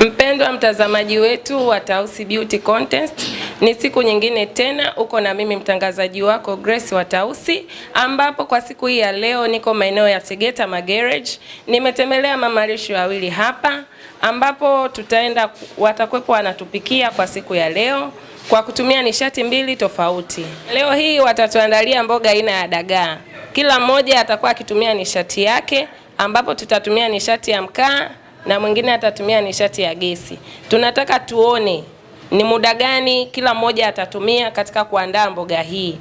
Mpendwa mtazamaji wetu wa Tausi Beauty Contest, ni siku nyingine tena uko na mimi mtangazaji wako Grace wa Tausi, ambapo kwa siku hii ya leo niko maeneo ya Tegeta Magarage. Nimetembelea mama lishe wawili hapa, ambapo tutaenda watakwepo wanatupikia kwa siku ya leo kwa kutumia nishati mbili tofauti. Leo hii watatuandalia mboga aina ya dagaa, kila mmoja atakuwa akitumia nishati yake, ambapo tutatumia nishati ya mkaa na mwingine atatumia nishati ya gesi. Tunataka tuone ni muda gani kila mmoja atatumia katika kuandaa mboga hii.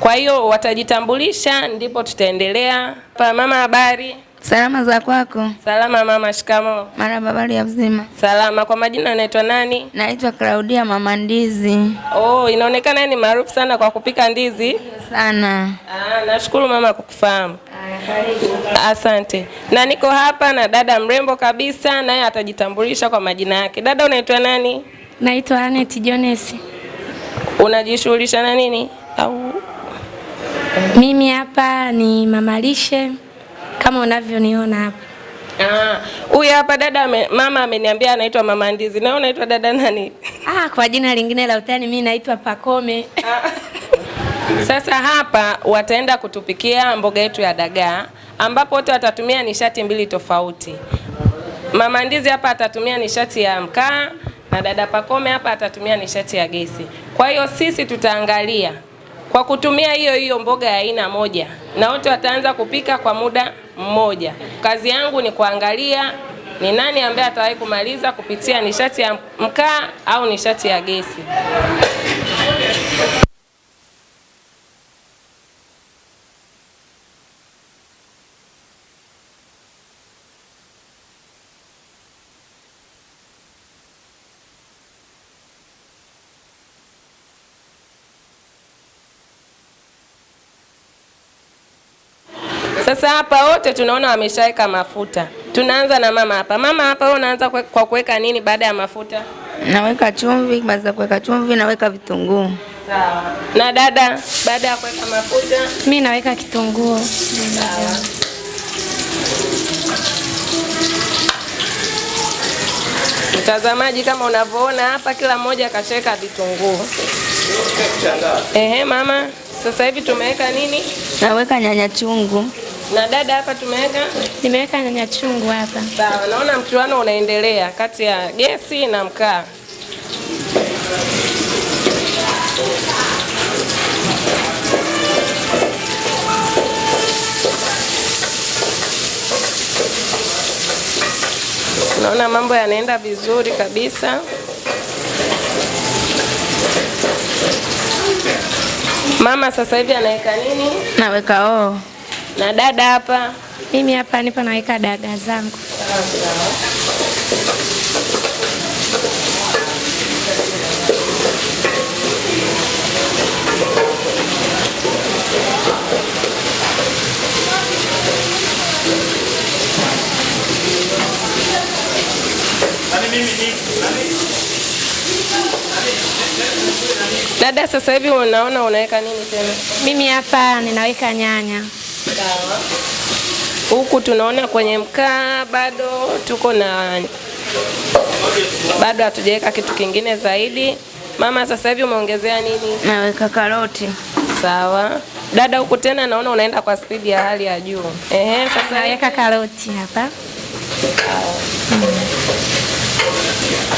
Kwa hiyo watajitambulisha, ndipo tutaendelea. Pa mama, habari? Salama za kwako? Salama mama. Shikamo. Marhaba. Habari ya mzima? Salama. Kwa majina unaitwa nani? Naitwa Claudia mama Ndizi. Oh, inaonekana ni maarufu sana kwa kupika ndizi sana. Ah, nashukuru mama kukufahamu. Asante. Na niko hapa na dada mrembo kabisa, naye atajitambulisha kwa majina yake. Dada, unaitwa nani? Naitwa Anet Jones. Unajishughulisha na nini? Au mimi hapa ni mamalishe kama unavyoniona hapa. Ah, huyu hapa dada me, mama ameniambia anaitwa Mama Ndizi. Na unaitwa dada nani? Ah, kwa jina lingine la utani mimi naitwa Pakome. Ah. Sasa hapa wataenda kutupikia mboga yetu ya dagaa, ambapo wote watatumia nishati mbili tofauti. Mama Ndizi hapa atatumia nishati ya mkaa na dada Pakome hapa atatumia nishati ya gesi. Kwa hiyo sisi tutaangalia kwa kutumia hiyo hiyo mboga ya aina moja, na wote wataanza kupika kwa muda mmoja. Kazi yangu ni kuangalia ni nani ambaye atawahi kumaliza kupitia nishati ya mkaa au nishati ya gesi. Sasa hapa wote tunaona wameshaweka mafuta. Tunaanza na mama hapa. Mama hapa wewe unaanza kwa kuweka nini baada ya mafuta? Naweka chumvi, baada ya kuweka chumvi naweka vitunguu. Sawa. Na dada baada ya kuweka mafuta, mimi naweka kitunguu. Sawa. Mtazamaji, kama unavyoona hapa, kila mmoja akashaweka vitunguu. Ehe, mama, sasa hivi tumeweka nini? Naweka nyanya chungu. Na dada hapa tumeweka, nimeweka nyanya chungu hapa. Sawa, naona mchuano unaendelea kati ya gesi na mkaa. Naona mambo yanaenda vizuri kabisa. Mama sasa hivi anaweka nini? Naweka oo na dada hapa. Mimi hapa nipo naweka dada zangu. Dada, sasa hivi unaona unaweka nini tena? Mimi hapa ninaweka nyanya. Huku tunaona kwenye mkaa bado tuko na bado hatujaweka kitu kingine zaidi. Mama, sasa hivi umeongezea nini? Naweka karoti. Sawa. Dada, huku tena naona unaenda kwa spidi ya hali ya juu. Ehe, sasa naweka karoti hapa.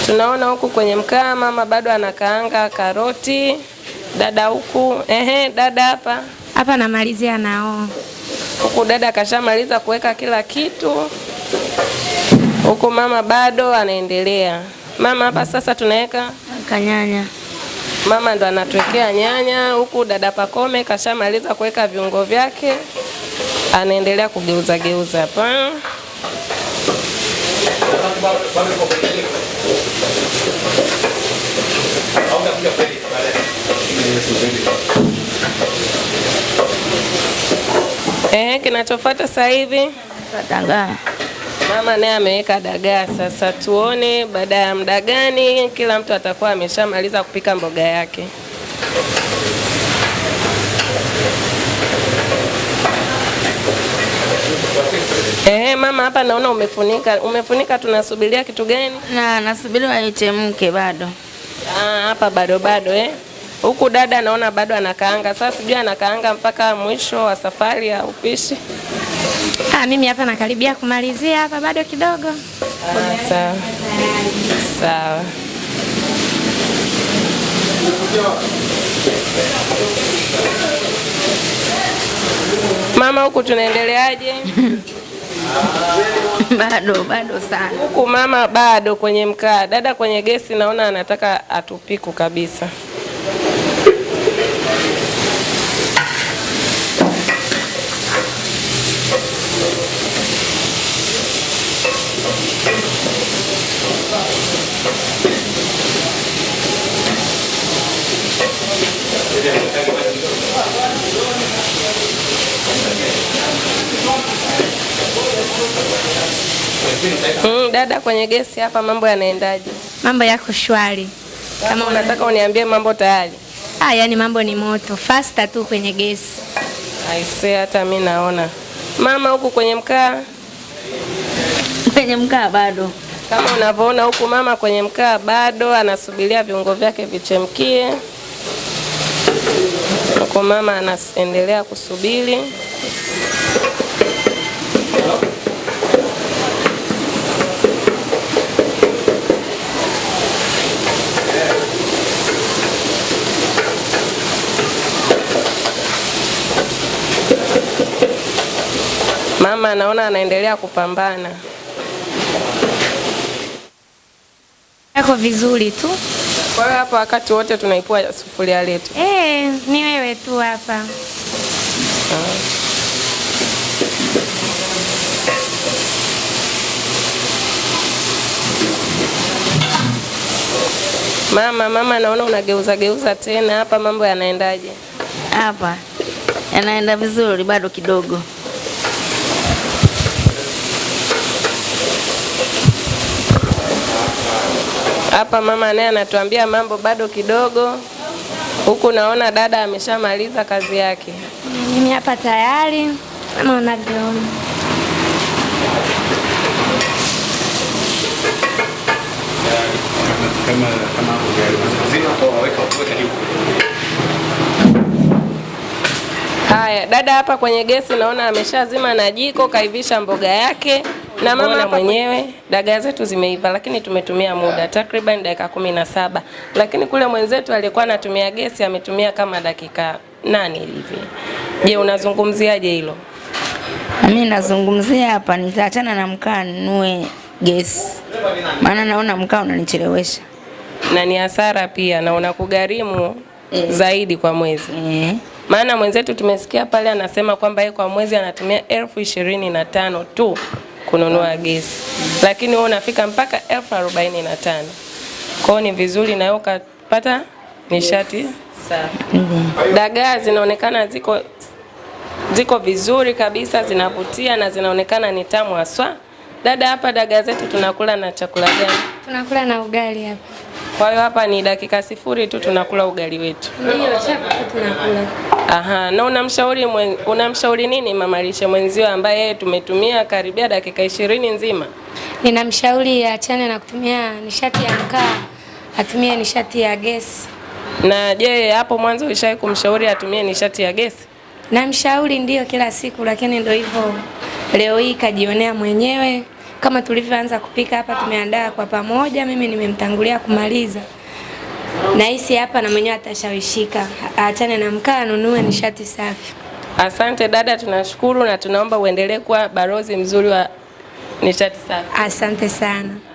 Tunaona huku kwenye mkaa mama bado anakaanga karoti. Dada huku, ehe, dada hapa. Hapa namalizia nao huku dada kashamaliza kuweka kila kitu, huku mama bado anaendelea. Mama hapa sasa tunaweka kanyanya, mama ndo anatuwekea nyanya, huku dada Pakome kashamaliza kuweka viungo vyake, anaendelea kugeuza geuza hapa Eh, kinachofuata sasa hivi dagaa. Mama naye ameweka dagaa sasa, tuone baada ya muda gani kila mtu atakuwa ameshamaliza kupika mboga yake. Eh, mama hapa naona umefunika. Umefunika tunasubiria kitu gani? Na nasubiri waichemke bado. Ah, hapa bado bado eh huku dada naona bado anakaanga. Sasa sijui anakaanga mpaka mwisho wa safari ya upishi. Ah, mimi hapa nakaribia kumalizia hapa bado kidogo. sawa. Sawa. Mama, huku tunaendeleaje? Bado bado sana huku mama, bado kwenye mkaa. Dada kwenye gesi, naona anataka atupiku kabisa. Mm, dada, kwenye gesi hapa mambo yanaendaje? Mambo yako shwari. Kama unataka uniambie mambo tayari. Ah, yani mambo ni moto fasta tu kwenye gesi. see, hata mi naona mama huku kwenye mkaa kwenye mkaa bado, kama unavyoona huku mama kwenye mkaa bado anasubiria viungo vyake vichemkie. Huko mama anaendelea kusubiri. Mama anaona anaendelea kupambana. Yako vizuri tu. Kwa hiyo hapa wakati wote tunaipua sufuria letu. Eh, ni wewe tu hapa. Mama, mama naona unageuza geuza tena hapa, mambo yanaendaje? Hapa yanaenda vizuri, bado kidogo. Hapa mama naye anatuambia mambo bado kidogo. Huku naona dada ameshamaliza kazi yake. Mimi hapa tayari kama unavyoona. Haya, dada hapa kwenye gesi naona ameshazima na jiko, kaivisha mboga yake na mama mwenyewe dagaa zetu zimeiva, lakini tumetumia muda takriban dakika kumi na saba, lakini kule mwenzetu alikuwa anatumia gesi ametumia kama dakika nane hivi. Je, unazungumziaje hilo? Mimi nazungumzia hapa, nitaachana na mkaa nunue gesi, maana naona mkaa unanichelewesha na ni hasara pia na unakugharimu e, zaidi kwa mwezi e. Maana mwenzetu tumesikia pale anasema kwamba yeye kwa mwezi anatumia elfu ishirini na tano tu kununua gesi, lakini wewe unafika mpaka elfu arobaini na tano. ni vizuri na wewe ukapata nishati yes. safi. Dagaa zinaonekana ziko ziko vizuri kabisa, zinavutia na zinaonekana ni tamu haswa. Dada, hapa dagaa zetu tunakula na chakula gani? Tunakula na ugali hapa. Kwa hiyo hapa ni dakika sifuri tu tunakula ugali wetu. Aha, na unamshauri unamshauri nini mama lishe mwenzio ambaye yeye tumetumia karibia dakika ishirini nzima? Ninamshauri aachane na kutumia nishati ya mkaa, atumie nishati ya gesi. Na je, hapo mwanzo ulishawahi kumshauri atumie nishati ya gesi? Namshauri ndiyo kila siku, lakini ndio hivyo, leo hii kajionea mwenyewe kama tulivyoanza kupika hapa, tumeandaa kwa pamoja. Mimi nimemtangulia kumaliza, nahisi hapa na mwenyewe atashawishika, aachane na mkaa, anunue nishati safi. Asante dada, tunashukuru na tunaomba uendelee kuwa barozi mzuri wa nishati safi. Asante sana.